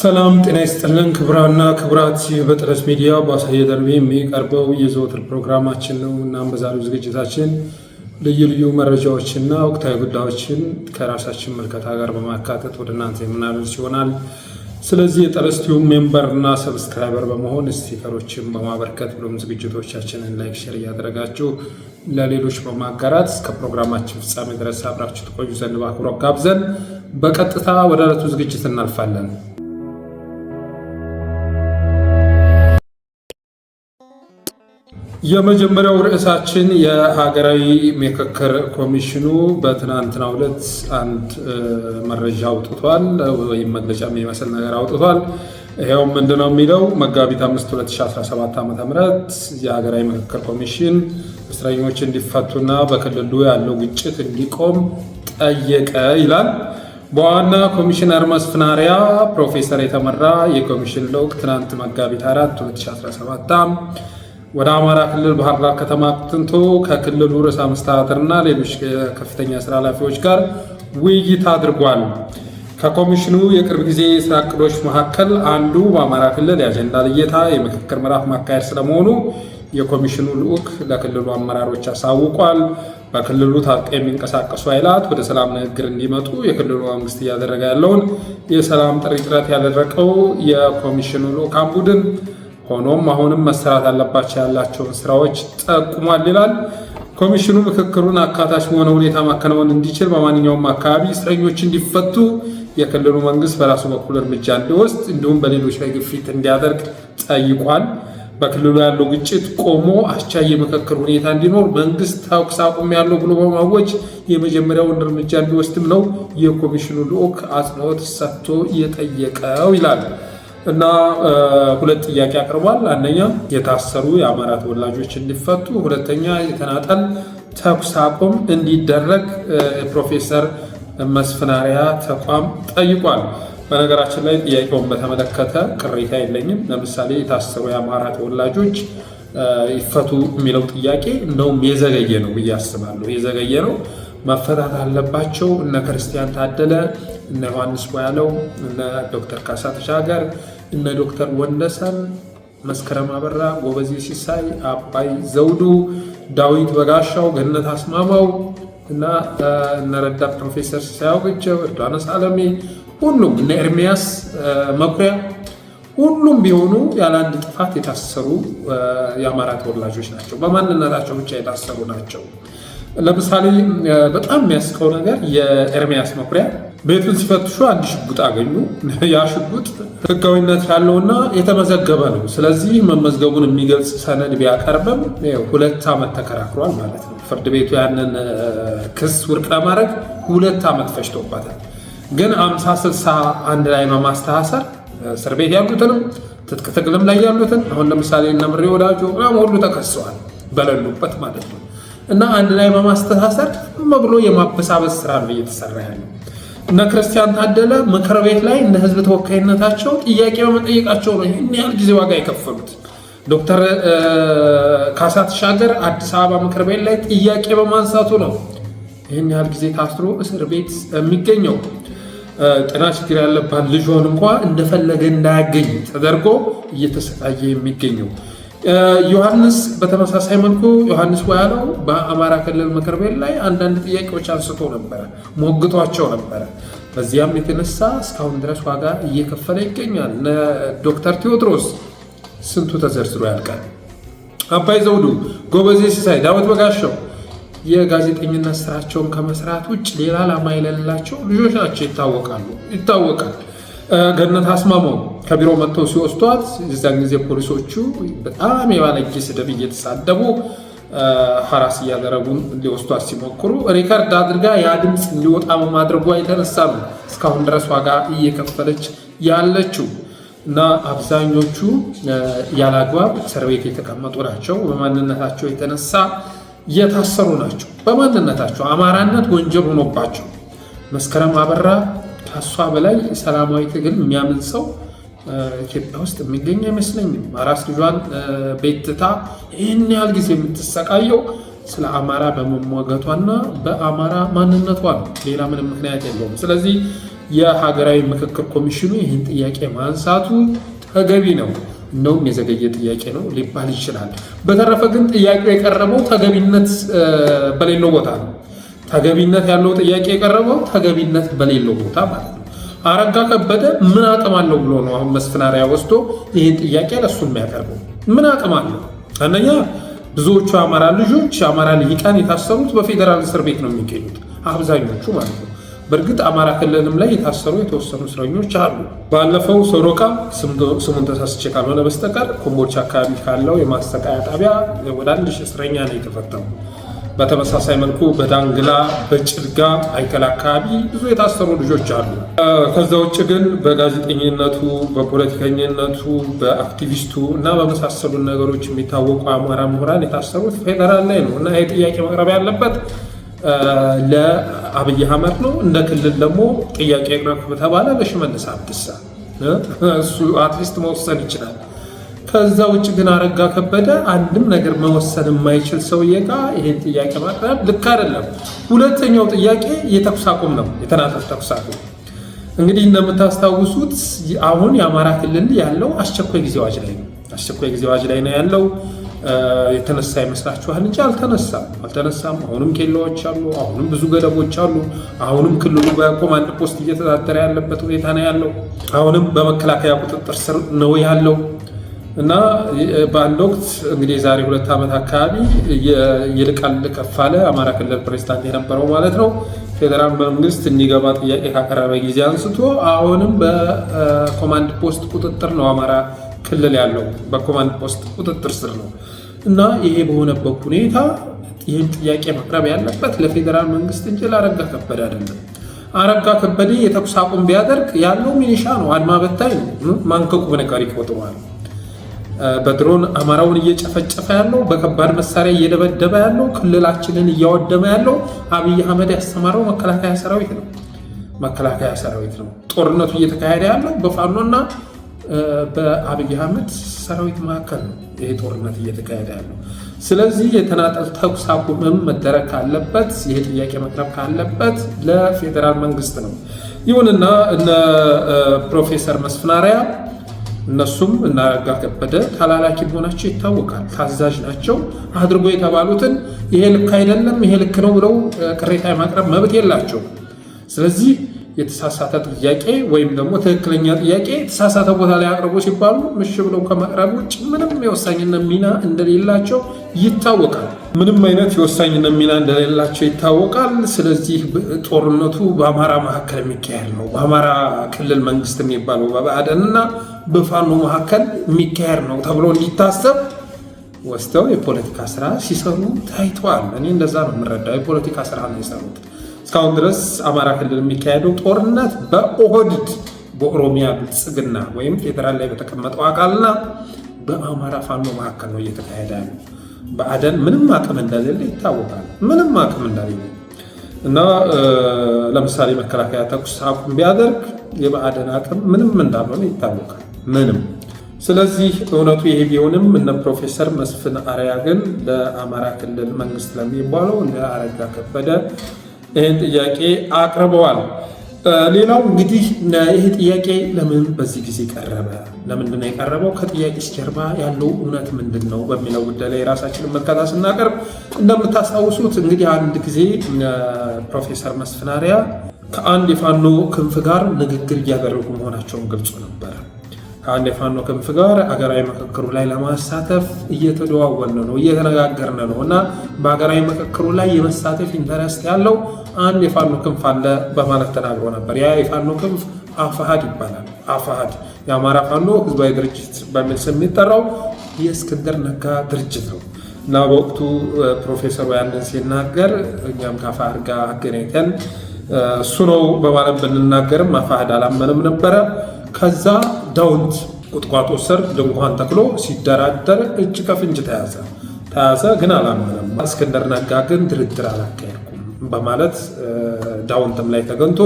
ሰላም ጤና ይስጥልን ክቡራና ክቡራት፣ በጠለስ ሚዲያ በአሳየ ደርቤ የሚቀርበው የዘወትር ፕሮግራማችን ነው። እናም በዛሬው ዝግጅታችን ልዩ ልዩ መረጃዎችና ወቅታዊ ጉዳዮችን ከራሳችን መልከታ ጋር በማካተት ወደ እናንተ የምናደርስ ይሆናል። ስለዚህ የጠለስ ቲዩብ ሜምበርና ሰብስክራይበር በመሆን ስቲከሮችን በማበርከት ብሎም ዝግጅቶቻችንን ላይክ፣ ሼር እያደረጋችሁ ለሌሎች በማጋራት እስከ ፕሮግራማችን ፍጻሜ ድረስ አብራችሁ ትቆዩ ዘንድ በአክብሮት ጋብዘን በቀጥታ ወደ ዕለቱ ዝግጅት እናልፋለን። የመጀመሪያው ርዕሳችን የሀገራዊ ምክክር ኮሚሽኑ በትናንትናው ዕለት አንድ መረጃ አውጥቷል፣ ወይም መግለጫ የሚመስል ነገር አውጥቷል። ይኸውም ምንድን ነው የሚለው መጋቢት 5 2017 ዓ ም የሀገራዊ ምክክር ኮሚሽን እስረኞች እንዲፈቱና በክልሉ ያለው ግጭት እንዲቆም ጠየቀ ይላል። በዋና ኮሚሽነር መስፍናሪያ ፕሮፌሰር የተመራ የኮሚሽን ለውቅ ትናንት መጋቢት 4 2017 ወደ አማራ ክልል ባህር ዳር ከተማ አቅንቶ ከክልሉ ርዕሰ መስተዳድርና ሌሎች ከፍተኛ ስራ ኃላፊዎች ጋር ውይይት አድርጓል። ከኮሚሽኑ የቅርብ ጊዜ የስራ እቅዶች መካከል አንዱ በአማራ ክልል የአጀንዳ ልየታ የምክክር ምዕራፍ ማካሄድ ስለመሆኑ የኮሚሽኑ ልዑክ ለክልሉ አመራሮች አሳውቋል። በክልሉ ታጥቀው የሚንቀሳቀሱ ኃይላት ወደ ሰላም ንግግር እንዲመጡ የክልሉ መንግስት እያደረገ ያለውን የሰላም ጥሪ ጥረት ያደረገው የኮሚሽኑ ልዑካን ቡድን ሆኖም አሁንም መሰራት አለባቸው ያላቸውን ስራዎች ጠቁሟል ይላል ኮሚሽኑ። ምክክሩን አካታች በሆነ ሁኔታ ማከናወን እንዲችል በማንኛውም አካባቢ እስረኞች እንዲፈቱ የክልሉ መንግስት በራሱ በኩል እርምጃ እንዲወስድ እንዲሁም በሌሎች ላይ ግፊት እንዲያደርግ ጠይቋል። በክልሉ ያለው ግጭት ቆሞ አስቻይ የምክክር ሁኔታ እንዲኖር መንግስት ተኩስ አቁም ያለው ብሎ በማወጅ የመጀመሪያውን እርምጃ እንዲወስድም ነው የኮሚሽኑ ልዑክ አጽንኦት ሰጥቶ የጠየቀው ይላል። እና ሁለት ጥያቄ አቅርቧል። አንደኛ የታሰሩ የአማራ ተወላጆች እንዲፈቱ፣ ሁለተኛ የተናጠል ተኩስ አቁም እንዲደረግ ፕሮፌሰር መስፍናሪያ ተቋም ጠይቋል። በነገራችን ላይ ጥያቄውን በተመለከተ ቅሬታ የለኝም። ለምሳሌ የታሰሩ የአማራ ተወላጆች ይፈቱ የሚለው ጥያቄ እንደውም የዘገየ ነው ብዬ አስባለሁ። የዘገየ ነው መፈታት አለባቸው። እነ ክርስቲያን ታደለ፣ እነ ዮሐንስ ቧያለው፣ እነ ዶክተር ካሳ ተሻገር እነ ዶክተር ወንደሰን፣ መስከረም አበራ፣ ጎበዜ ሲሳይ፣ አባይ ዘውዱ፣ ዳዊት በጋሻው፣ ገነት አስማማው እና እነረዳት ፕሮፌሰር ሲሳያውቅቸው፣ እርዳነስ አለሜ ሁሉም እነ ኤርሚያስ መኩሪያ ሁሉም ቢሆኑ ያለ አንድ ጥፋት የታሰሩ የአማራ ተወላጆች ናቸው። በማንነታቸው ብቻ የታሰሩ ናቸው። ለምሳሌ በጣም የሚያስቀው ነገር የኤርሚያስ መኩሪያ ቤቱን ሲፈትሹ አንድ ሽጉጥ አገኙ። ያ ሽጉጥ ህጋዊነት ያለውና የተመዘገበ ነው። ስለዚህ መመዝገቡን የሚገልጽ ሰነድ ቢያቀርብም ሁለት ዓመት ተከራክሯል ማለት ነው። ፍርድ ቤቱ ያንን ክስ ውድቅ ለማድረግ ሁለት ዓመት ፈጅቶባታል። ግን አምሳ ስልሳ አንድ ላይ በማስተሳሰር እስር ቤት ያሉትንም ትጥቅ ትግልም ላይ ያሉትን አሁን ለምሳሌ እነምሬ ወዳጆ ምናምን ሁሉ ተከሰዋል በሌሉበት ማለት ነው እና አንድ ላይ በማስተሳሰር ብሎ የማበሳበስ ስራ ነው እየተሰራ ያለው። እነ ክርስቲያን ታደለ ምክር ቤት ላይ እንደ ህዝብ ተወካይነታቸው ጥያቄ በመጠየቃቸው ነው ይህን ያህል ጊዜ ዋጋ የከፈሉት። ዶክተር ካሳ ተሻገር አዲስ አበባ ምክር ቤት ላይ ጥያቄ በማንሳቱ ነው ይህን ያህል ጊዜ ታስሮ እስር ቤት የሚገኘው። ጤና ችግር ያለባት ልጇን እንኳ እንደፈለገ እንዳያገኝ ተደርጎ እየተሰቃየ የሚገኘው ዮሐንስ በተመሳሳይ መልኩ ዮሐንስ ወያለው በአማራ ክልል ምክር ቤት ላይ አንዳንድ ጥያቄዎች አንስቶ ነበረ፣ ሞግቷቸው ነበረ። በዚያም የተነሳ እስካሁን ድረስ ዋጋ እየከፈለ ይገኛል። ዶክተር ቴዎድሮስ ስንቱ ተዘርዝሮ ያልቃል። አባይ ዘውዱ፣ ጎበዜ ሲሳይ፣ ዳዊት በጋሻው የጋዜጠኝነት ስራቸውን ከመስራት ውጭ ሌላ ዓላማ የሌላቸው ልጆች ናቸው፣ ይታወቃሉ ይታወቃል። ገነት አስማማው ከቢሮ መጥተው ሲወስዷት የዛን ጊዜ ፖሊሶቹ በጣም የባለጌ ስድብ እየተሳደቡ ሀራስ እያደረጉ ሊወስዷት ሲሞክሩ ሪከርድ አድርጋ ያ ድምፅ እንዲወጣ በማድረጓ የተነሳ ነው እስካሁን ድረስ ዋጋ እየከፈለች ያለችው እና አብዛኞቹ ያለአግባብ እስር ቤት የተቀመጡ ናቸው። በማንነታቸው የተነሳ የታሰሩ ናቸው። በማንነታቸው አማራነት ወንጀል ሆኖባቸው መስከረም አበራ ከሷ በላይ ሰላማዊ ትግል የሚያምን ሰው ኢትዮጵያ ውስጥ የሚገኝ አይመስለኝም። አራስ ልጇን ቤትታ ይህን ያህል ጊዜ የምትሰቃየው ስለ አማራ በመሟገቷና በአማራ ማንነቷ ነው። ሌላ ምንም ምክንያት የለውም። ስለዚህ የሀገራዊ ምክክር ኮሚሽኑ ይህን ጥያቄ ማንሳቱ ተገቢ ነው። እንደውም የዘገየ ጥያቄ ነው ሊባል ይችላል። በተረፈ ግን ጥያቄው የቀረበው ተገቢነት በሌለው ቦታ ነው። ተገቢነት ያለው ጥያቄ የቀረበው ተገቢነት በሌለው ቦታ ማለት ነው። አረጋ ከበደ ምን አቅም አለው ብሎ ነው አሁን መስፍን አርአያ ወስዶ ይህን ጥያቄ ለሱ የሚያቀርበው? ምን አቅም አለው? አንደኛ ብዙዎቹ አማራ ልጆች አማራ ልሂቃን የታሰሩት በፌዴራል እስር ቤት ነው የሚገኙት፣ አብዛኞቹ ማለት ነው። በእርግጥ አማራ ክልልም ላይ የታሰሩ የተወሰኑ እስረኞች አሉ። ባለፈው ሶሮቃ ስሙን ተሳስቼ ካልሆነ በስተቀር ኮምቦልቻ አካባቢ ካለው የማሰቃያ ጣቢያ ወደ አንድ እስረኛ ነው የተፈተሙ። በተመሳሳይ መልኩ በዳንግላ በጭልጋ አይከል አካባቢ ብዙ የታሰሩ ልጆች አሉ። ከዛ ውጭ ግን በጋዜጠኝነቱ፣ በፖለቲከኝነቱ፣ በአክቲቪስቱ እና በመሳሰሉ ነገሮች የሚታወቁ አማራ ምሁራን የታሰሩት ፌደራል ላይ ነው እና ይሄ ጥያቄ መቅረብ ያለበት ለአብይ አህመድ ነው። እንደ ክልል ደግሞ ጥያቄ ቅረብ ከተባለ ለሽመልስ አብዲሳ እሱ አትሊስት መወሰን ይችላል። ከዛ ውጭ ግን አረጋ ከበደ አንድም ነገር መወሰን የማይችል ሰውዬ ጋር ይሄን ጥያቄ ማቅረብ ልክ አይደለም። ሁለተኛው ጥያቄ የተኩስ አቁም ነው፣ የተናጠል ተኩስ አቁም። እንግዲህ እንደምታስታውሱት አሁን የአማራ ክልል ያለው አስቸኳይ ጊዜ አዋጅ ላይ ነው። አስቸኳይ ጊዜ አዋጅ ላይ ነው ያለው። የተነሳ ይመስላችኋል እንጂ አልተነሳም፣ አልተነሳም። አሁንም ኬላዎች አሉ፣ አሁንም ብዙ ገደቦች አሉ። አሁንም ክልሉ በኮማንድ ፖስት እየተዳደረ ያለበት ሁኔታ ነው ያለው። አሁንም በመከላከያ ቁጥጥር ስር ነው ያለው። እና በአንድ ወቅት እንግዲህ የዛሬ ሁለት ዓመት አካባቢ ይልቃል ከፋለ አማራ ክልል ፕሬዚዳንት የነበረው ማለት ነው ፌዴራል መንግስት እንዲገባ ጥያቄ ካቀረበ ጊዜ አንስቶ አሁንም በኮማንድ ፖስት ቁጥጥር ነው አማራ ክልል ያለው በኮማንድ ፖስት ቁጥጥር ስር ነው። እና ይሄ በሆነበት ሁኔታ ይህን ጥያቄ መቅረብ ያለበት ለፌዴራል መንግስት እንጂ ለአረጋ ከበደ አይደለም። አረጋ ከበደ የተኩስ አቁም ቢያደርግ ያለው ሚኒሻ ነው፣ አድማ በታይ ነው። ማንከቁ ነገር ይቆጥረዋል። በድሮን አማራውን እየጨፈጨፈ ያለው በከባድ መሳሪያ እየደበደበ ያለው ክልላችንን እያወደመ ያለው አብይ አህመድ ያስተማረው መከላከያ ሰራዊት ነው። መከላከያ ሰራዊት ነው። ጦርነቱ እየተካሄደ ያለው በፋኖና በአብይ አህመድ ሰራዊት መካከል ነው ይሄ ጦርነት እየተካሄደ ያለው። ስለዚህ የተናጠል ተኩስ አቁምም መደረግ ካለበት ይሄ ጥያቄ መቅረብ ካለበት ለፌዴራል መንግስት ነው። ይሁንና እነ ፕሮፌሰር መስፍናሪያ እነሱም እነ አረጋ ከበደ ተላላኪ መሆናቸው ይታወቃል። ታዛዥ ናቸው። አድርጎ የተባሉትን ይሄ ልክ አይደለም፣ ይሄ ልክ ነው ብለው ቅሬታ የማቅረብ መብት የላቸው። ስለዚህ የተሳሳተ ጥያቄ ወይም ደግሞ ትክክለኛ ጥያቄ የተሳሳተ ቦታ ላይ አቅርቦ ሲባሉ ምሽ ብለው ከማቅረብ ውጭ ምንም የወሳኝነት ሚና እንደሌላቸው ይታወቃል። ምንም አይነት የወሳኝነት ሚና እንደሌላቸው ይታወቃል። ስለዚህ ጦርነቱ በአማራ መካከል የሚካሄድ ነው። በአማራ ክልል መንግስት የሚባለው በብአዴንና በፋኖ መካከል የሚካሄድ ነው ተብሎ እንዲታሰብ ወስደው የፖለቲካ ስራ ሲሰሩ ታይተዋል። እኔ እንደዛ ነው የምረዳው። የፖለቲካ ስራ ነው የሰሩት። እስካሁን ድረስ አማራ ክልል የሚካሄደው ጦርነት በኦህድድ በኦሮሚያ ብልጽግና ወይም ፌዴራል ላይ በተቀመጠው አካልና በአማራ ፋኖ መካከል ነው እየተካሄደ ያለ። በአደን ምንም አቅም እንደሌለ ይታወቃል። ምንም አቅም እንደሌለ እና ለምሳሌ መከላከያ ተኩስ አቁም ቢያደርግ የበአደን አቅም ምንም እንዳልሆነ ይታወቃል። ምንም። ስለዚህ እውነቱ ይሄ ቢሆንም እነ ፕሮፌሰር መስፍን አርአያ ግን ለአማራ ክልል መንግስት ለሚባለው አረጋ ከበደ ይህን ጥያቄ አቅርበዋል። ሌላው እንግዲህ ይህ ጥያቄ ለምን በዚህ ጊዜ ቀረበ? ለምንድን ነው የቀረበው? ከጥያቄ ጀርባ ያለው እውነት ምንድን ነው? በሚለው ጉዳይ ላይ የራሳችንን መከታ ስናቀርብ እንደምታስታውሱት እንግዲህ አንድ ጊዜ ፕሮፌሰር መስፍን አርአያ ከአንድ የፋኖ ክንፍ ጋር ንግግር እያደረጉ መሆናቸውን ገልጾ ነበረ። ከአንድ የፋኖ ክንፍ ጋር ሀገራዊ ምክክሩ ላይ ለማሳተፍ እየተደዋወነ ነው፣ እየተነጋገርን ነው እና በሀገራዊ ምክክሩ ላይ የመሳተፍ ኢንተረስት ያለው አንድ የፋኖ ክንፍ አለ በማለት ተናግሮ ነበር። ያ የፋኖ ክንፍ አፋሃድ ይባላል። አፋሃድ የአማራ ፋኖ ህዝባዊ ድርጅት በሚል ስም የሚጠራው የእስክንድር ነጋ ድርጅት ነው እና በወቅቱ ፕሮፌሰሩ ያንን ሲናገር እኛም ከአፋሃድ ጋር አገናኝተን እሱ ነው በማለት ብንናገርም አፋሃድ አላመንም ነበረ። ከዛ ዳውንት ቁጥቋጦ ስር ድንኳን ተክሎ ሲደራደር እጅ ከፍንጅ ተያዘ። ተያዘ ግን አላመነም። እስክንድር ነጋ ግን ድርድር አላካሄድኩም በማለት ዳውንትም ላይ ተገንቶ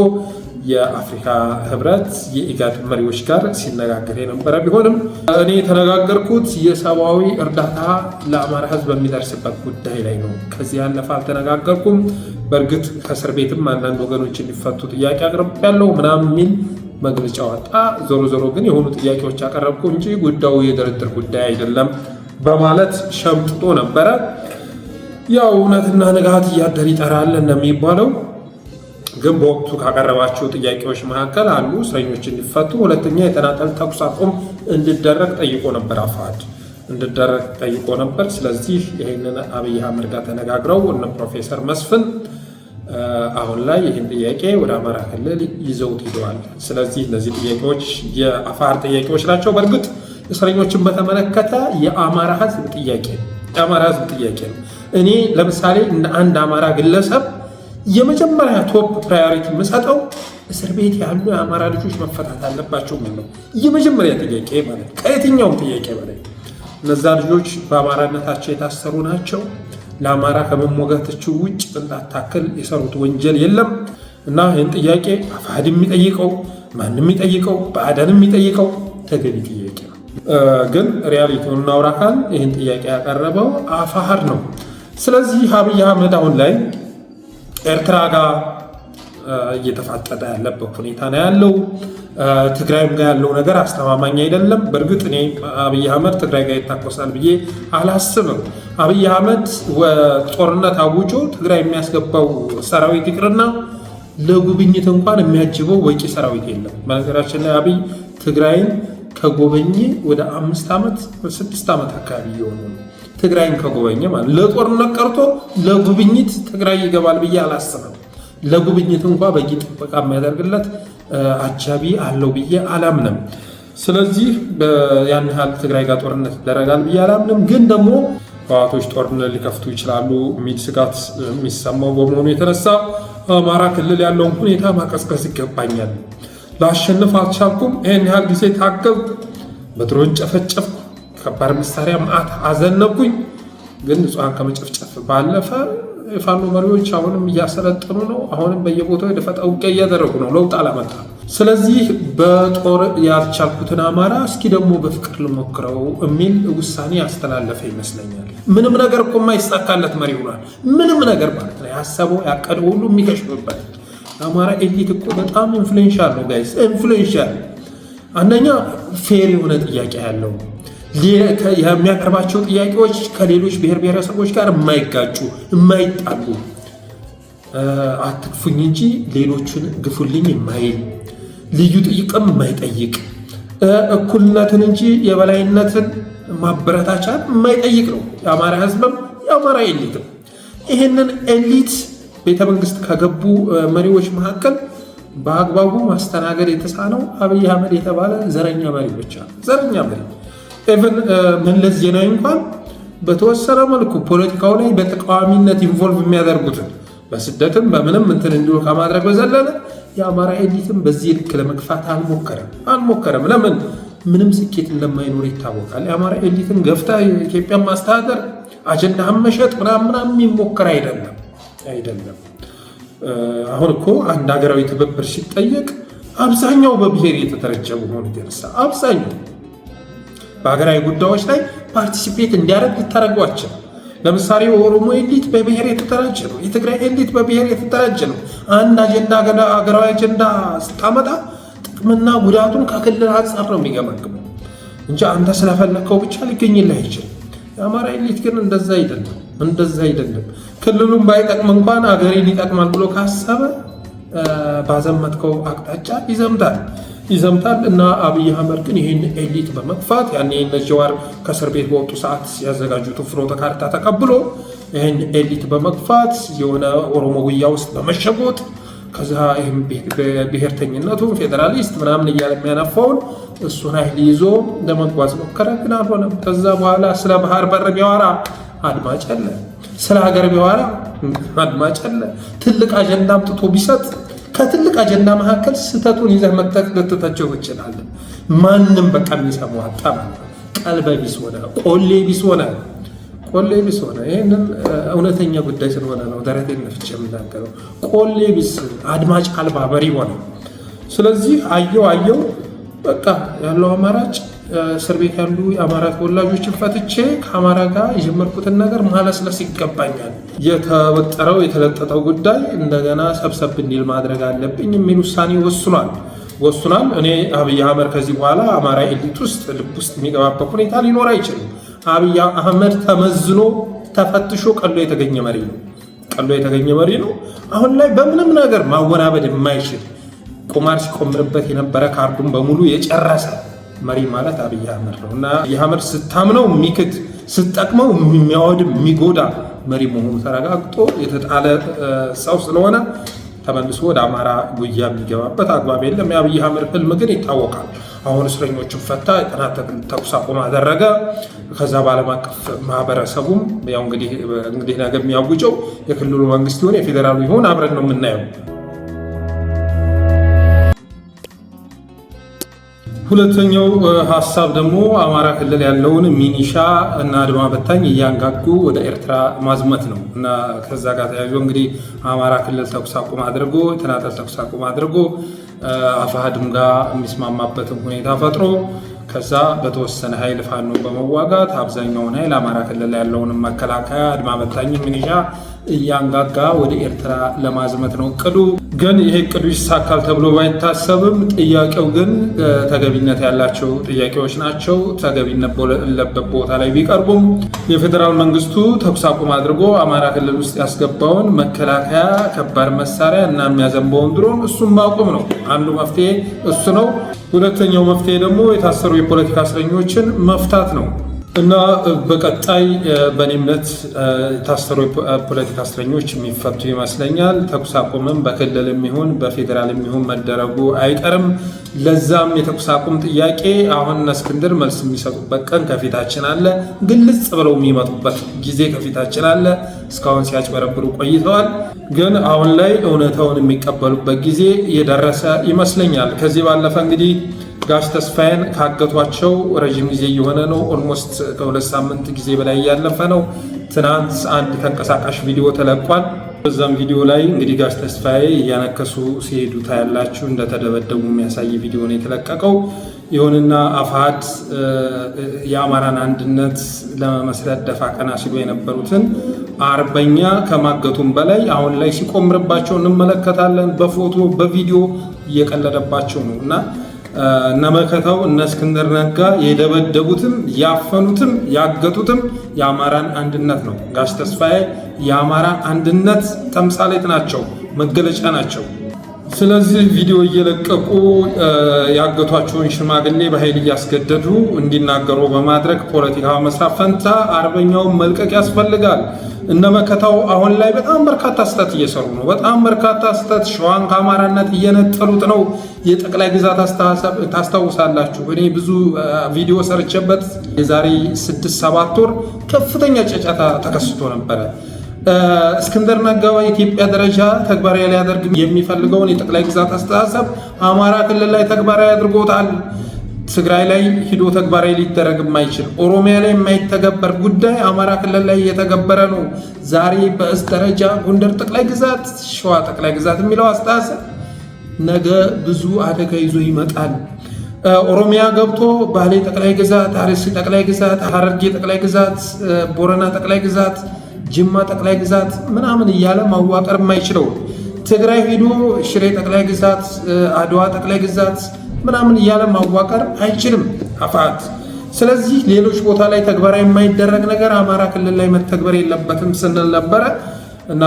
የአፍሪካ ህብረት የኢጋድ መሪዎች ጋር ሲነጋገር የነበረ ቢሆንም እኔ የተነጋገርኩት የሰብአዊ እርዳታ ለአማራ ህዝብ በሚደርስበት ጉዳይ ላይ ነው። ከዚህ ያለፈ አልተነጋገርኩም። በእርግጥ ከእስር ቤትም አንዳንድ ወገኖች እንዲፈቱ ጥያቄ ያለው ምናምን የሚል መግለጫ ወጣ። ዞሮ ዞሮ ግን የሆኑ ጥያቄዎች አቀረብኩ እንጂ ጉዳዩ የድርድር ጉዳይ አይደለም በማለት ሸምጥጦ ነበረ። ያው እውነትና ንጋት እያደር ይጠራል እንደሚባለው ግን በወቅቱ ካቀረባቸው ጥያቄዎች መካከል አንዱ እስረኞች እንዲፈቱ፣ ሁለተኛ የተናጠል ተኩስ አቁም እንድደረግ ጠይቆ ነበር አፋድ እንድደረግ ጠይቆ ነበር። ስለዚህ ይህንን አብይ አህመድ ጋር ተነጋግረው እነ ፕሮፌሰር መስፍን አሁን ላይ ይህን ጥያቄ ወደ አማራ ክልል ይዘውት ሂደዋል። ስለዚህ እነዚህ ጥያቄዎች የአፋር ጥያቄዎች ናቸው። በእርግጥ እስረኞችን በተመለከተ የአማራ ሕዝብ ጥያቄ የአማራ ሕዝብ ጥያቄ ነው። እኔ ለምሳሌ እንደ አንድ አማራ ግለሰብ የመጀመሪያ ቶፕ ፕራዮሪቲ የምሰጠው እስር ቤት ያሉ የአማራ ልጆች መፈታት አለባቸው የሚል ነው። የመጀመሪያ ጥያቄ ማለት ከየትኛውም ጥያቄ በላይ እነዛ ልጆች በአማራነታቸው የታሰሩ ናቸው። ለአማራ ከመሞጋትች ውጭ ቅንጣት የሰሩት ወንጀል የለም እና ይህን ጥያቄ አፋሕድ የሚጠይቀው ማንም የሚጠይቀው በአደን የሚጠይቀው ተገቢ ጥያቄ ነው። ግን ሪያሊቲውን እናውራ ካል ይህን ጥያቄ ያቀረበው አፋሃድ ነው። ስለዚህ አብይ አህመድ አሁን ላይ ኤርትራ ጋር እየተፋጠጠ ያለበት ሁኔታ ነው ያለው። ትግራይም ጋር ያለው ነገር አስተማማኝ አይደለም። በእርግጥ እኔ አብይ አህመድ ትግራይ ጋር ይታኮሳል ብዬ አላስብም። አብይ አህመድ ጦርነት አውጆ ትግራይ የሚያስገባው ሰራዊት ይቅርና ለጉብኝት እንኳን የሚያጅበው ወጪ ሰራዊት የለም። በነገራችን ላይ አብይ ትግራይን ከጎበኘ ወደ አምስት ዓመት ስድስት ዓመት አካባቢ እየሆኑ ነው። ትግራይን ከጎበኘ ማለት ለጦርነት ቀርቶ ለጉብኝት ትግራይ ይገባል ብዬ አላስብም። ለጉብኝት እንኳ በቂ ጥበቃ የሚያደርግለት አጃቢ አለው ብዬ አላምንም። ስለዚህ ያን ያህል ትግራይ ጋር ጦርነት ይደረጋል ብዬ አላምንም። ግን ደግሞ ህወሓቶች ጦርነት ሊከፍቱ ይችላሉ የሚል ስጋት የሚሰማው በመሆኑ የተነሳ አማራ ክልል ያለውን ሁኔታ ማቀዝቀዝ ይገባኛል። ላሸንፍ አልቻልኩም፣ ይህን ያህል ጊዜ ታገብኩ፣ በድሮን ጨፈጨፍኩ፣ ከባድ መሳሪያ ማአት አዘነብኩኝ። ግን ንጹሐን ከመጨፍጨፍ ባለፈ የፋኖ መሪዎች አሁንም እያሰለጠኑ ነው። አሁንም በየቦታው የደፈጣ ውጊያ እያደረጉ ነው። ለውጥ አላመጣ። ስለዚህ በጦር ያልቻልኩትን አማራ እስኪ ደግሞ በፍቅር ልሞክረው የሚል ውሳኔ ያስተላለፈ ይመስለኛል። ምንም ነገር እኮ የማይሳካለት መሪ ሆኗል። ምንም ነገር ማለት ነው። ያሰበው ያቀደው ሁሉ የሚከሽፍበት አማራ ኤሊት እኮ በጣም ኢንፍሉዌንሻል ነው ጋይስ፣ ኢንፍሉዌንሻል አንደኛ ፌር የሆነ ጥያቄ ያለው የሚያቀርባቸው ጥያቄዎች ከሌሎች ብሔር ብሔረሰቦች ጋር የማይጋጩ የማይጣሉ አትግፉኝ እንጂ ሌሎቹን ግፉልኝ የማይል ልዩ ጥይቅም የማይጠይቅ እኩልነትን እንጂ የበላይነትን ማበረታቻ የማይጠይቅ ነው። የአማራ ህዝብም የአማራ ኤሊትም ይህንን ኤሊት ቤተ መንግስት ከገቡ መሪዎች መካከል በአግባቡ ማስተናገድ የተሳነው አብይ አህመድ የተባለ ዘረኛ መሪ ብቻ ዘረኛ መሪ ኢቨን uh, መለስ ዜናዊ እንኳን በተወሰነ መልኩ ፖለቲካው ላይ በተቃዋሚነት ኢንቮልቭ የሚያደርጉትን በስደትም በምንም እንትን እንዲሁ ከማድረግ በዘለለ የአማራ ኤሊትም በዚህ ልክ ለመግፋት አልሞከረም አልሞከረም። ለምን ምንም ስኬት እንደማይኖር ይታወቃል። የአማራ ኤሊትም ገፍታ የኢትዮጵያ ማስተዳደር አጀንዳ መሸጥ ምናምናም የሚሞከር አይደለም አይደለም። uh, አሁን እኮ አንድ ሀገራዊ ትብብር ሲጠየቅ አብዛኛው በብሔር የተተረጀ መሆኑ የተነሳ አብዛኛው በሀገራዊ ጉዳዮች ላይ ፓርቲሲፔት እንዲያደርግ ይታረጓቸው። ለምሳሌ የኦሮሞ ኤሊት በብሔር የተደራጀ ነው። የትግራይ ኤሊት በብሔር የተደራጀ ነው። አንድ አጀንዳ ሀገራዊ አጀንዳ ስታመጣ ጥቅምና ጉዳቱን ከክልል አንጻር ነው የሚገመግመው እንጂ አንተ ስለፈለግከው ብቻ ሊገኝልህ አይችል። የአማራ ኤሊት ግን እንደዛ አይደለም፣ እንደዛ አይደለም። ክልሉን ባይጠቅም እንኳን አገሬን ይጠቅማል ብሎ ካሰበ ባዘመትከው አቅጣጫ ይዘምታል ይዘምታል እና አብይ አህመድ ግን ይህን ኤሊት በመግፋት ያኔ ጀዋር ከእስር ቤት በወጡ ሰዓት ያዘጋጁት ፍኖተ ካርታ ተቀብሎ ይህን ኤሊት በመግፋት የሆነ ኦሮሞ ጉያ ውስጥ በመሸጎጥ ከዛ ይህም ብሔርተኝነቱን ፌዴራሊስት ምናምን እያለ የሚያነፋውን እሱን ኃይል ይዞ ለመጓዝ ሞከረ፣ ግን አልሆነም። ከዛ በኋላ ስለ ባህር በር ቢያወራ አድማጭ የለ፣ ስለ ሀገር ቢያወራ አድማጭ የለ። ትልቅ አጀንዳ አምጥቶ ቢሰጥ ከትልቅ አጀንዳ መካከል ስህተቱን ይዘህ መጠቅ ልትተቸው ትችላለህ። ማንም በቃ የሚሰሙ አጣ ቀልበ ቢስ ሆነ፣ ቆሌ ቢስ ሆነ፣ ቆሌ ቢስ ሆነ። ይህንን እውነተኛ ጉዳይ ስለሆነ ነው ደረቴ ነፍቼ የምናገረው። ቆሌ ቢስ አድማጭ አልባ በሪ ሆነ። ስለዚህ አየው አየው በቃ ያለው አማራጭ እስር ቤት ያሉ የአማራ ተወላጆችን ፈትቼ ከአማራ ጋር የጀመርኩትን ነገር ማለስለስ ይገባኛል። የተወጠረው የተለጠጠው ጉዳይ እንደገና ሰብሰብ እንዲል ማድረግ አለብኝ የሚል ውሳኔ ወስኗል ወስኗል። እኔ አብይ አህመድ ከዚህ በኋላ አማራ ኤሊት ውስጥ ልብ ውስጥ የሚገባበት ሁኔታ ሊኖር አይችልም። አብይ አህመድ ተመዝኖ ተፈትሾ ቀሎ የተገኘ መሪ ነው። ቀሎ የተገኘ መሪ ነው። አሁን ላይ በምንም ነገር ማወናበድ የማይችል ቁማር ሲቆምርበት የነበረ ካርዱን በሙሉ የጨረሰ መሪ ማለት አብይ አህመድ ነው እና አብይ አህመድ ስታምነው የሚክድ ስጠቅመው የሚያወድም የሚጎዳ መሪ መሆኑ ተረጋግጦ የተጣለ ሰው ስለሆነ ተመልሶ ወደ አማራ ጉያ የሚገባበት አግባብ የለም። የአብይ አህመድ ህልም ግን ይታወቃል። አሁን እስረኞችን ፈታ፣ የጠናት ተኩስ አቁም አደረገ። ከዛ በዓለም አቀፍ ማህበረሰቡም ያው እንግዲህ ነገ የሚያውጀው የክልሉ መንግስት ይሆን የፌዴራሉ ይሆን አብረን ነው የምናየው። ሁለተኛው ሀሳብ ደግሞ አማራ ክልል ያለውን ሚኒሻ እና አድማ በታኝ እያንጋጉ ወደ ኤርትራ ማዝመት ነው እና ከዛ ጋር ተያይዞ እንግዲህ አማራ ክልል ተኩስ አቁም አድርጎ ተናጠል ተኩስ አቁም አድርጎ አፋሃድም ጋር የሚስማማበትም ሁኔታ ፈጥሮ ከዛ በተወሰነ ኃይል ፋኖ በመዋጋት አብዛኛውን ኃይል አማራ ክልል ያለውን መከላከያ አድማ በታኝ ሚኒሻ እያንጋጋ ወደ ኤርትራ ለማዝመት ነው እቅዱ። ግን ይሄ እቅዱ ይሳካል ተብሎ ባይታሰብም ጥያቄው ግን ተገቢነት ያላቸው ጥያቄዎች ናቸው። ተገቢነት በሌለበት ቦታ ላይ ቢቀርቡም የፌዴራል መንግስቱ ተኩስ አቁም አድርጎ አማራ ክልል ውስጥ ያስገባውን መከላከያ ከባድ መሳሪያ እና የሚያዘንበውን ድሮን እሱም ማቆም ነው አንዱ መፍትሄ እሱ ነው። ሁለተኛው መፍትሄ ደግሞ የታሰሩ የፖለቲካ እስረኞችን መፍታት ነው። እና በቀጣይ በእኔ እምነት የታሰሩ የፖለቲካ እስረኞች የሚፈቱ ይመስለኛል። ተኩስ አቁምም በክልል የሚሆን በፌዴራል የሚሆን መደረጉ አይቀርም። ለዛም የተኩስ አቁም ጥያቄ አሁን እስክንድር መልስ የሚሰጡበት ቀን ከፊታችን አለ። ግልጽ ብለው የሚመጡበት ጊዜ ከፊታችን አለ። እስካሁን ሲያጭበረብሩ ቆይተዋል። ግን አሁን ላይ እውነታውን የሚቀበሉበት ጊዜ የደረሰ ይመስለኛል። ከዚህ ባለፈ እንግዲህ ጋሽ ተስፋዬን ካገቷቸው ረዥም ጊዜ እየሆነ ነው። ኦልሞስት ከሁለት ሳምንት ጊዜ በላይ እያለፈ ነው። ትናንት አንድ ተንቀሳቃሽ ቪዲዮ ተለቋል። በዛም ቪዲዮ ላይ እንግዲህ ጋሽ ተስፋዬ እያነከሱ ሲሄዱ ታያላችሁ። እንደተደበደቡ የሚያሳይ ቪዲዮ ነው የተለቀቀው። ይሁንና አፋሕድ የአማራን አንድነት ለመመስረት ደፋ ቀና ሲሉ የነበሩትን አርበኛ ከማገቱም በላይ አሁን ላይ ሲቆምርባቸው እንመለከታለን። በፎቶ በቪዲዮ እየቀለደባቸው ነው እና እነ መከታው እነ እስክንድር ነጋ የደበደቡትም ያፈኑትም ያገጡትም የአማራን አንድነት ነው። ጋሽ ተስፋዬ የአማራ አንድነት ተምሳሌት ናቸው፣ መገለጫ ናቸው። ስለዚህ ቪዲዮ እየለቀቁ ያገቷቸውን ሽማግሌ በኃይል እያስገደዱ እንዲናገሩ በማድረግ ፖለቲካ መስራት ፈንታ አርበኛውን መልቀቅ ያስፈልጋል። እነመከታው አሁን ላይ በጣም በርካታ ስህተት እየሰሩ ነው። በጣም በርካታ ስህተት ሸዋን ከአማራነት እየነጠሉት ነው። የጠቅላይ ግዛት ታስታውሳላችሁ። እኔ ብዙ ቪዲዮ ሰርቼበት የዛሬ ስድስት ሰባት ወር ከፍተኛ ጨጫታ ተከስቶ ነበረ። እስክንድር ነጋ በኢትዮጵያ ደረጃ ተግባራዊ ሊያደርግ የሚፈልገውን የጠቅላይ ግዛት አስተሳሰብ አማራ ክልል ላይ ተግባራዊ አድርጎታል። ትግራይ ላይ ሂዶ ተግባራዊ ሊደረግ የማይችል ኦሮሚያ ላይ የማይተገበር ጉዳይ አማራ ክልል ላይ እየተገበረ ነው። ዛሬ በእስ ደረጃ ጎንደር ጠቅላይ ግዛት፣ ሸዋ ጠቅላይ ግዛት የሚለው አስተሳሰብ ነገ ብዙ አደጋ ይዞ ይመጣል። ኦሮሚያ ገብቶ ባሌ ጠቅላይ ግዛት፣ አርሲ ጠቅላይ ግዛት፣ ሐረርጌ ጠቅላይ ግዛት፣ ቦረና ጠቅላይ ግዛት ጅማ ጠቅላይ ግዛት ምናምን እያለ ማዋቀር የማይችለው ትግራይ ሄዶ ሽሬ ጠቅላይ ግዛት፣ አድዋ ጠቅላይ ግዛት ምናምን እያለ ማዋቀር አይችልም አፋት። ስለዚህ ሌሎች ቦታ ላይ ተግባራዊ የማይደረግ ነገር አማራ ክልል ላይ መተግበር የለበትም ስንል ነበረ እና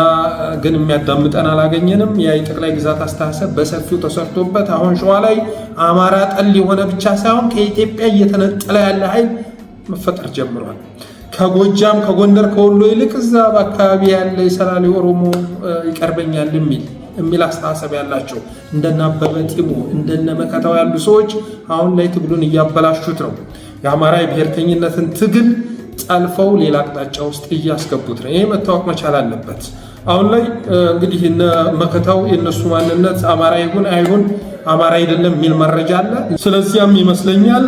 ግን የሚያዳምጠን አላገኘንም። ያ ጠቅላይ ግዛት አስተሳሰብ በሰፊው ተሰርቶበት አሁን ሸዋ ላይ አማራ ጠል የሆነ ብቻ ሳይሆን ከኢትዮጵያ እየተነጠለ ያለ ኃይል መፈጠር ጀምሯል። ከጎጃም ከጎንደር ከወሎ ይልቅ እዛ በአካባቢ ያለ የሰላሌ ኦሮሞ ይቀርበኛል የሚል የሚል አስተሳሰብ ያላቸው እንደነ አበበ ጢሞ እንደነ መከታው ያሉ ሰዎች አሁን ላይ ትግሉን እያበላሹት ነው። የአማራ የብሔርተኝነትን ትግል ጠልፈው ሌላ አቅጣጫ ውስጥ እያስገቡት ነው። ይሄ መታወቅ መቻል አለበት። አሁን ላይ እንግዲህ መከታው የእነሱ ማንነት አማራ ይሁን አይሁን አማራ አይደለም የሚል መረጃ አለ። ስለዚያም ይመስለኛል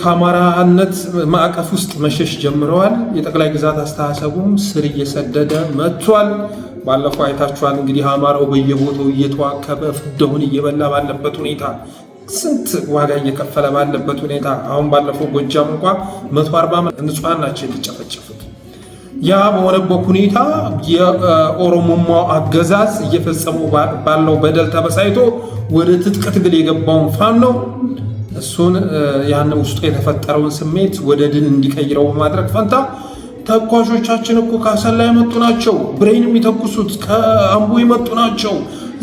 ከአማራነት ማዕቀፍ ውስጥ መሸሽ ጀምረዋል። የጠቅላይ ግዛት አስተሳሰቡም ስር እየሰደደ መጥቷል። ባለፈው አይታችኋል እንግዲህ አማራው በየቦታው እየተዋከበ ፍደሁን እየበላ ባለበት ሁኔታ ስንት ዋጋ እየከፈለ ባለበት ሁኔታ አሁን ባለፈው ጎጃም እንኳ መቶ አርባ ንጹሐን ናቸው የተጨፈጨፉት። ያ በሆነበት ሁኔታ የኦሮሞማው አገዛዝ እየፈጸሙ ባለው በደል ተበሳይቶ ወደ ትጥቅ ትግል የገባውን ፋኖ እሱን ያን ውስጡ የተፈጠረውን ስሜት ወደ ድል እንዲቀይረው በማድረግ ፈንታ ተኳሾቻችን እኮ ካሰላ የመጡ ናቸው፣ ብሬን የሚተኩሱት ከአምቦ የመጡ ናቸው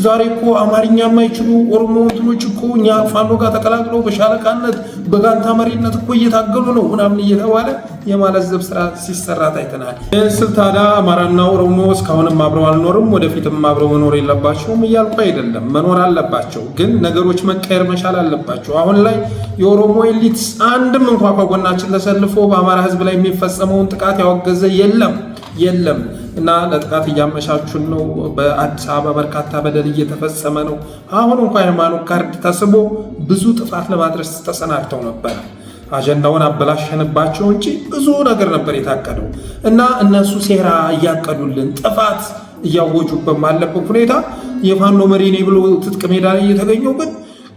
ዛሬ እኮ አማርኛ የማይችሉ ኦሮሞ እንትኖች እኮ እኛ ፋኖ ጋር ተቀላቅለው በሻለቃነት በጋንታ መሪነት እኮ እየታገሉ ነው ምናምን እየተባለ የማለዘብ ስራ ሲሰራ ታይተናል። ስል ታዲያ አማራና ኦሮሞ እስካሁንም አብረው አልኖርም ወደፊትም አብረው መኖር የለባቸውም እያልኩ አይደለም። መኖር አለባቸው፣ ግን ነገሮች መቀየር መቻል አለባቸው። አሁን ላይ የኦሮሞ ኤሊትስ አንድም እንኳ ከጎናችን ተሰልፎ በአማራ ህዝብ ላይ የሚፈጸመውን ጥቃት ያወገዘ የለም የለም። እና ለጥቃት እያመቻቹን ነው። በአዲስ አበባ በርካታ በደል እየተፈጸመ ነው። አሁን እንኳ ሃይማኖት ካርድ ተስቦ ብዙ ጥፋት ለማድረስ ተሰናድተው ነበረ። አጀንዳውን አበላሸንባቸው እንጂ ብዙ ነገር ነበር የታቀደው እና እነሱ ሴራ እያቀዱልን ጥፋት እያወጁበት ባለበት ሁኔታ የፋኖ መሪ ነኝ ብሎ ትጥቅ ሜዳ ላይ እየተገኘው ግን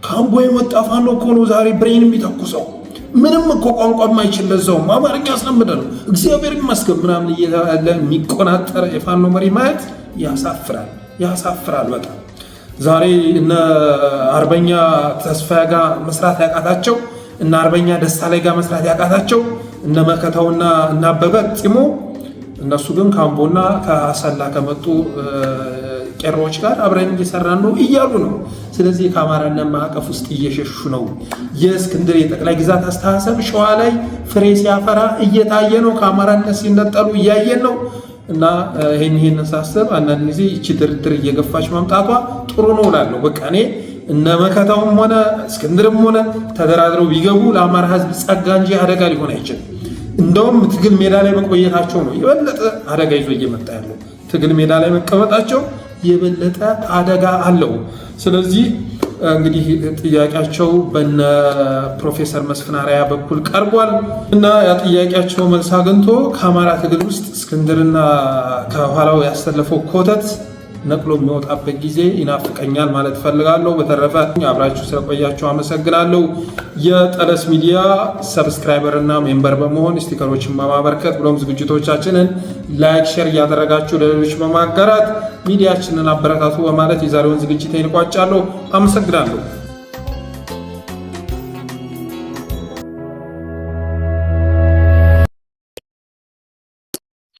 ከአምቦ የመጣ ፋኖ ከሆነ ዛሬ ብሬን የሚተኩሰው ምንም እኮ ቋንቋ የማይችል ለዛውም አማርኛ አስለምደ ነው እግዚአብሔር ይመስገን ምናምን እየተባለ የሚቆናጠረ የፋኖ መሪ ማየት ያሳፍራል፣ ያሳፍራል በጣም ዛሬ እነ አርበኛ ተስፋ ጋር መስራት ያቃታቸው እነ አርበኛ ደስታ ላይ ጋር መስራት ያቃታቸው እነ መከታውና እነ አበበ ጢሞ እነሱ ግን ከአምቦና ከአሰላ ከመጡ ቄሮዎች ጋር አብረን እየሰራን ነው እያሉ ነው። ስለዚህ ከአማራና ማዕቀፍ ውስጥ እየሸሹ ነው። የእስክንድር የጠቅላይ ግዛት አስተሳሰብ ሸዋ ላይ ፍሬ ሲያፈራ እየታየ ነው። ከአማራነት ሲነጠሉ እያየን ነው። እና ይህን ይህን ሳስብ አንዳንድ ጊዜ ይቺ ድርድር እየገፋች መምጣቷ ጥሩ ነው እላለሁ። በቃ እኔ እነ መከታውም ሆነ እስክንድርም ሆነ ተደራድረው ቢገቡ ለአማራ ሕዝብ ጸጋ እንጂ አደጋ ሊሆን አይችልም። እንደውም ትግል ሜዳ ላይ መቆየታቸው ነው የበለጠ አደጋ ይዞ እየመጣ ያለው። ትግል ሜዳ ላይ መቀመጣቸው የበለጠ አደጋ አለው። ስለዚህ እንግዲህ ጥያቄያቸው በነ ፕሮፌሰር መስፍናሪያ በኩል ቀርቧል እና ያ ጥያቄያቸው መልስ አግኝቶ ከአማራ ትግል ውስጥ እስክንድርና ከኋላው ያሰለፈው ኮተት ነቅሎ የሚወጣበት ጊዜ ይናፍቀኛል ማለት ፈልጋለሁ በተረፈ አብራችሁ ስለቆያችሁ አመሰግናለሁ። የጠለስ ሚዲያ ሰብስክራይበር እና ሜምበር በመሆን ስቲከሮችን በማበርከት ብሎም ዝግጅቶቻችንን ላይክ፣ ሼር እያደረጋችሁ ለሌሎች በማጋራት ሚዲያችንን አበረታቱ በማለት የዛሬውን ዝግጅት ይንቋጫለሁ። አመሰግናለሁ።